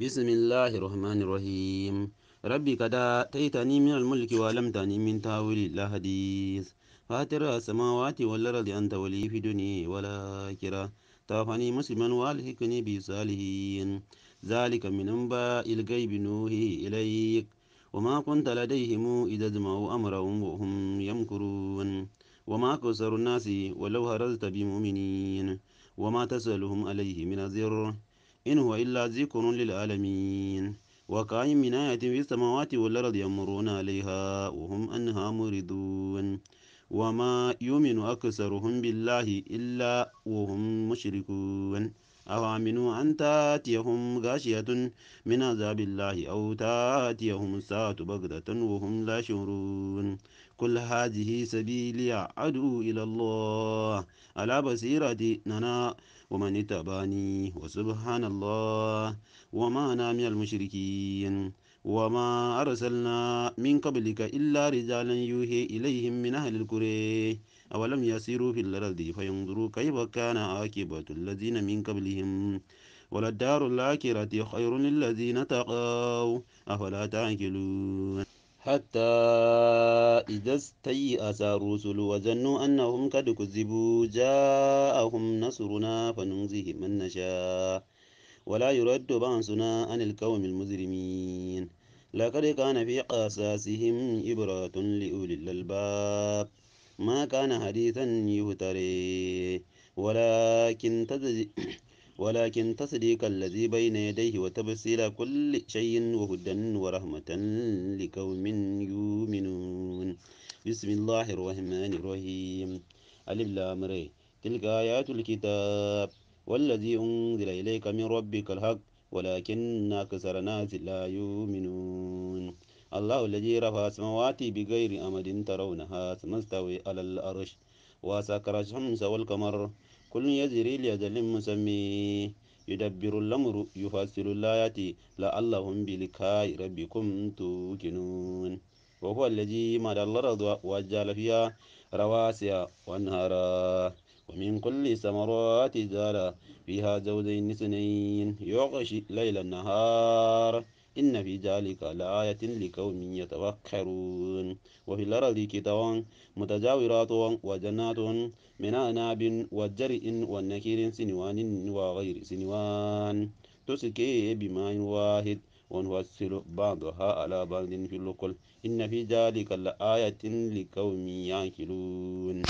بسم الله الرحمن الرحيم ربي كدا تيتاني من الملك تاني من تاويل الأحاديث فاتر السماوات والأرض أنت ولي في ولا كرا توفني مسلما والحقني بصالحين ذلك من أنباء الغيب نوحي إليك وما كنت لديهم إذا اجمعوا أمرهم وهم يمكرون وما كسر الناس ولو هرزت بمؤمنين وما تسألهم عليه من الزر إن هو إلا ذكر للعالمين وكأي من آية في السماوات والأرض يمرون عليها وهم أنها مردون وما يؤمن أكثرهم بالله إلا وهم مشركون أو آمنوا أن تأتيهم غاشية من عذاب الله أو تأتيهم الساعة بغتة وهم لا شعرون كل هذه سبيلي أدعو إلى الله على بصيرة أنا ومن اتبعني وسبحان الله وما أنا من المشركين وما أرسلنا من قبلك إلا رجالا يوحي إليهم من أهل القرى أولم يسيروا في الأرض فينظروا كيف كان عاقبة الذين من قبلهم وللدار الآخرة خير للذين تقوا أفلا تعقلون حتى إذا استيأس الرسل وظنوا أنهم قد كذبوا جاءهم نصرنا فننزه من نشاء ولا يرد بأسنا عن القوم المجرمين لقد كان في قصاصهم إبرة لأولي الألباب ما كان حديثا يهتري ولكن تجزئ ولكن تصديق الذي بين يديه وتبصير كل شيء وهدى ورحمة لقوم يؤمنون بسم الله الرحمن الرحيم ألف لامري تلك آيات الكتاب والذي أنزل إليك من ربك الحق ولكن أكثر الناس لا يؤمنون الله الذي رفع السماوات بغير أمد ترونها ثم استوي على الأرش وسكر الشمس والقمر كل يزري لأجل مسمي يدبر الأمر يفسر الآيات لعلهم بلقاء ربكم توقنون وهو الذي مد الأرض وجعل فيها رواسي وأنهارا ومن كل ثمرات زال فيها زوجين اثنين يغشي ليل النهار إن في ذلك لآية لقوم يتفكرون وفي الأرض كتاب متجاورات وجنات من أناب وجرء ونكير سنوان وغير سنوان تسكي بماء واحد ونفصل بعضها على بعض في الأكل إن في ذلك لآية لقوم يعقلون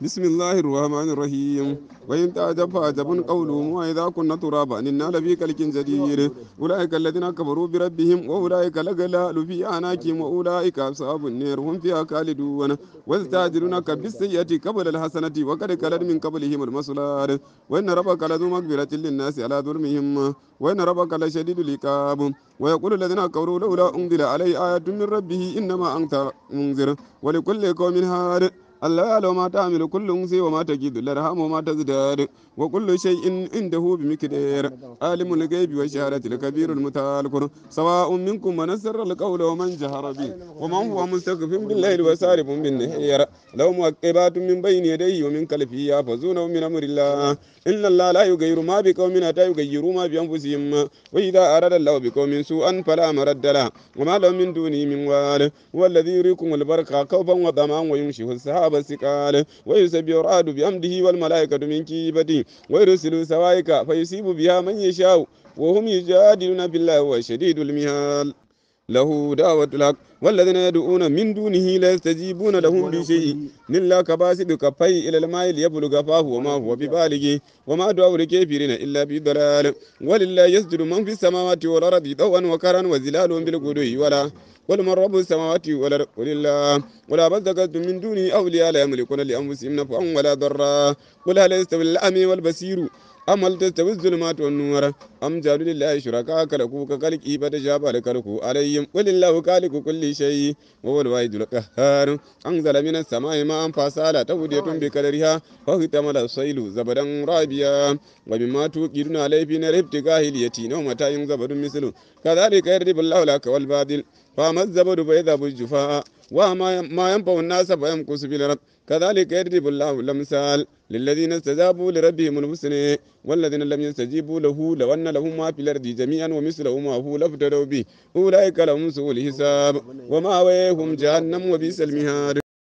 بسم الله الرحمن الرحيم وإن تعجب فعجب قولهم وإذا كنا ترابا إنا لفي كلك جدير أولئك الذين كفروا بربهم وأولئك الأغلال في أعناقهم وأولئك أصحاب النار هم فيها خالدون واستعجلونك بالسيئة قبل الحسنة وقد كلد من قبلهم المصلات وإن ربك لذو مغفرة للناس على ظلمهم وإن ربك لشديد العقاب ويقول الذين كفروا لولا أنزل عليه آية من ربه إنما أنت منذر ولكل قوم هاد الله يعلم ما تعمل كل أنثى وما تجد الأرحام وما تزداد وكل شيء عنده بمقدار عالم الغيب والشهادة الكبير المتعال سواء منكم من أسر القول ومن جهر به ومن هو مستخف بالليل وسارب بالنهار لو مؤقبات من بين يديه ومن خلفه يحفظونه من أمر الله إن الله لا يغير ما بقوم حتى يغيروا ما بأنفسهم وإذا أراد الله بقوم سوءا فلا مرد له وما لهم من دونه من وال هو يريكم البرق خوفا وظما وينشئ السحاب عبس قال ويسبح الرعد بأمده والملائكة من كيبته ويرسل سوائك فيصيب بها من يشاء وهم يجادلون بالله وشديد المهال له دعوة الحق والذين يدعون من دونه لا يستجيبون لهم بشيء إلا كباسد كفي إلى الماء ليبلغ فاه وما هو ببالغه وما دعاء الكافرين إلا بضلال ولله يسجد من في السماوات والأرض ضوءا وكرا وزلال بالغدو ولا ولمن رب السماوات والأرض لله ولا بزكتم من دونه أولياء لا يملكون لأنفسهم نفعا ولا ضرا قل هل يستوي الأعمى والبصير أم هل تستوي الظلمات والنور أم جعلوا لله شركاء كلكوا كخلقه فتشابه لكلكوا عليهم قل الله خالق كل شيء وهو الواحد القهار أنزل من السماء ماء فسال تودية آه. بقدرها فاهتمل الصيل زبدا رابيا وبما توقدون عليه في نار ابتغاء اليتيم ومتاع زبد مثله كذلك يضرب الله لك والباطل فأما الزبد فيذهب الجفاء وما ما ينفع الناس فيمكث في الأرض كذلك يضرب الله الأمثال للذين استجابوا لربهم الحسنى والذين لم يستجيبوا له لو أن لهم ما في الأرض جميعا ومثله ما هو لافتروا به أولئك لهم سوء الحساب وما ويهم جهنم وبئس المهاد